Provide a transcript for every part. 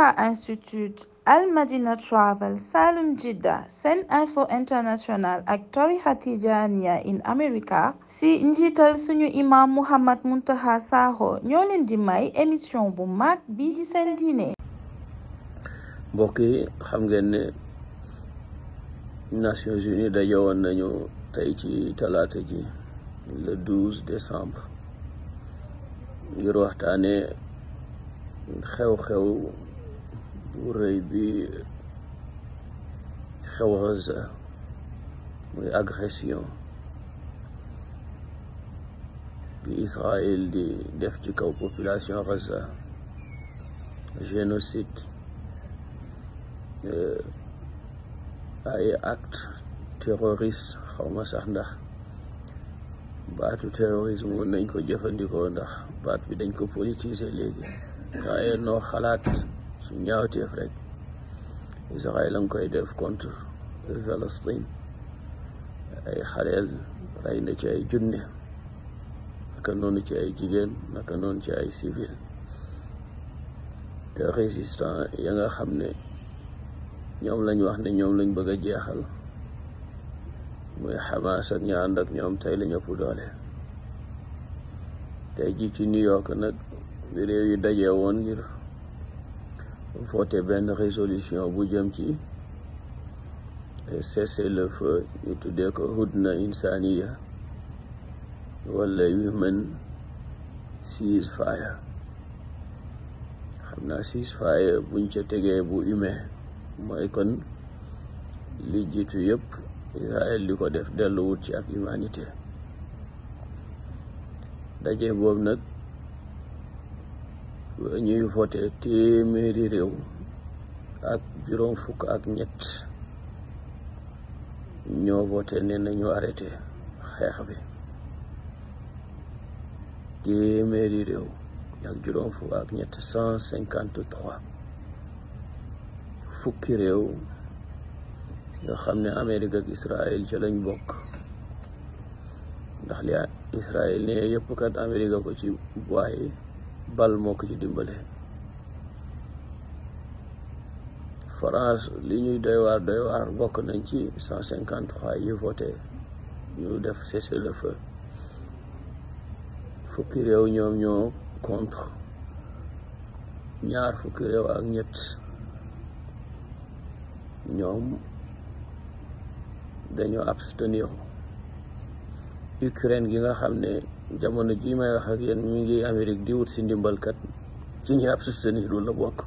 Alpha Institute Al Madina Travel Salum Jidda Sen Info International ak tarixa Tijaaniya in America si njiital suñu imam Muhammad Muntaha Sakho ñoo di may émission bu mag bii di seen diine mbokk yi xam ngeen ne Nations Unies dajewoon nañu tey ci talaata ji le 12 décembre ngir waxtaane xew-xew bu bi xew Gaza muy agression bi Israël di def ci kaw population Gaza génocide euh, ay acte terroriste xawma sax ndax baatu terrorisme mën nañ ko jëfandikoo ndax baat bi dañ ko politiser léegi waaye noo xalaat ci ñaawteef rek Israël a ngi koy def contre Palestine ay xaleel rey na ci ay junne naka noonu ci ay jigéen naka noonu ci ay civil te résistant ya nga xam ne ñoom lañ wax ne ñoom lañ bëgg a jeexal muy Hamas ak ña ànd ak ñoom tey la ñëpp doole tey ji ci New York nag bi réew yi dajee woon ngir foote benn résolution bu jëm ci cessez-le-feu ñu tuddee ko hudna insaniya wala human ceasefire xam naa ceasefire buñ ca tegee bu humain mooy kon li jiitu yëpp Israël li ko def delluwut ci ak humanité daje boobu nag ñuy voté téeméeri réew ak juróom fukk ak ñett ñoo voté ne nañu arrêté xeex bi téeméeri réew ak juróom fukk ak ñett cent cinquante trois fukki réew nga xam ne Amérique ak Israël ca lañ bokk ndax li Israël ne yëpp kat Amérique ko ci waaye bal moo ko ci dimbale France li ñuy doy waar doy waar bokk nañ ci cent cinquante trois yi voté ñu def cessez-le-feu fukki réew ñoom ñoo contre ñaar fukki réew ak ñett ñoom dañoo abstenir Ukraine gi nga xam ne jamono jii may wax ak yéen mi ngi Amérique di wut si ndimbalkat ci ñi ab soutenir la bokk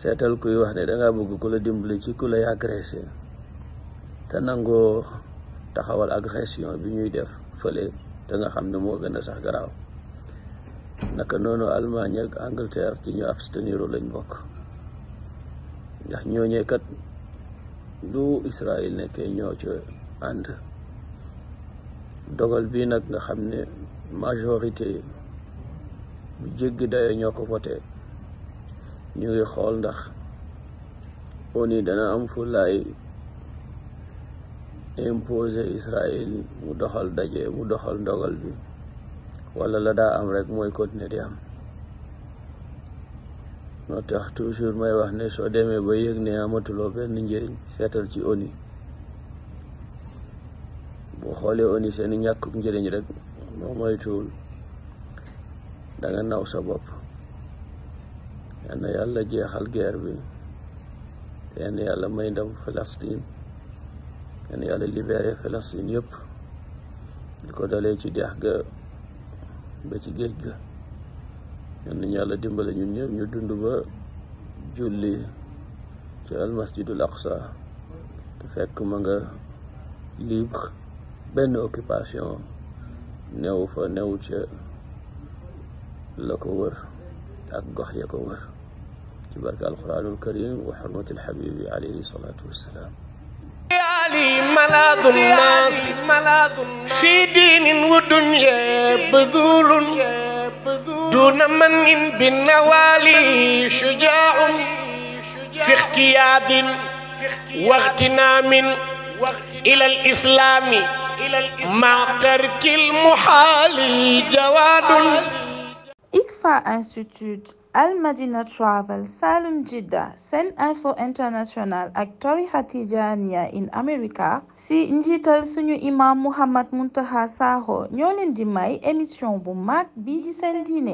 seetal kuy wax ne dangaa bëgg ku la dimbali ci ku lay agressé te nangoo taxawal agression bi ñuy def fële te nga xam ne moo gën a sax garaaw naka noonu Allemagne ak Angleterre ci ñu abstenir lañ bokk ndax ñooñee kat lu Israël nekkee ñoo ca ànd dogal bii nag nga xam ne majorité bu jéggi dayo ñoo ko voté ñu ngi xool ndax ONU dana am fu laay imposé Israël mu doxal daje mu doxal ndogal bi wala la daa am rek mooy continuer di am moo tax toujours may wax ne soo demee ba yëg ne amatuloo benn njëriñ seetal ci ONU boo xoolee oni seen i njëriñ rek moo moytuwul da nga naw sa bopp yal na yàlla jeexal guerre bi yàlla may ndam Palestine yal na yàlla libéré Palestine yëpp di ko dalee ci dex ga ba ci géej ga yal yàlla dimbale ñun ñëpp ñu dund ba julli ci almasjidul aqsa te fekk ma nga libre benn occupation newu fa newu ca la ko wër ak gox ya ko wër ci barke alquranul karim wa xurmatil xabibi alayhi salatu wassalaam علي ملاذ الناس في دين ودنيا بذول دون من بالنوالي شجاع في اختياد واغتنام إلى الإسلام مع ترك المحال جواد ICFA Institute Al Madina Travel Salum Jidda Sen Info International ak tarixa Tijaaniya in America si njiital suñu imam Mouhammad Muntaqa Sakho ñoo di may émission bu mag bi di seen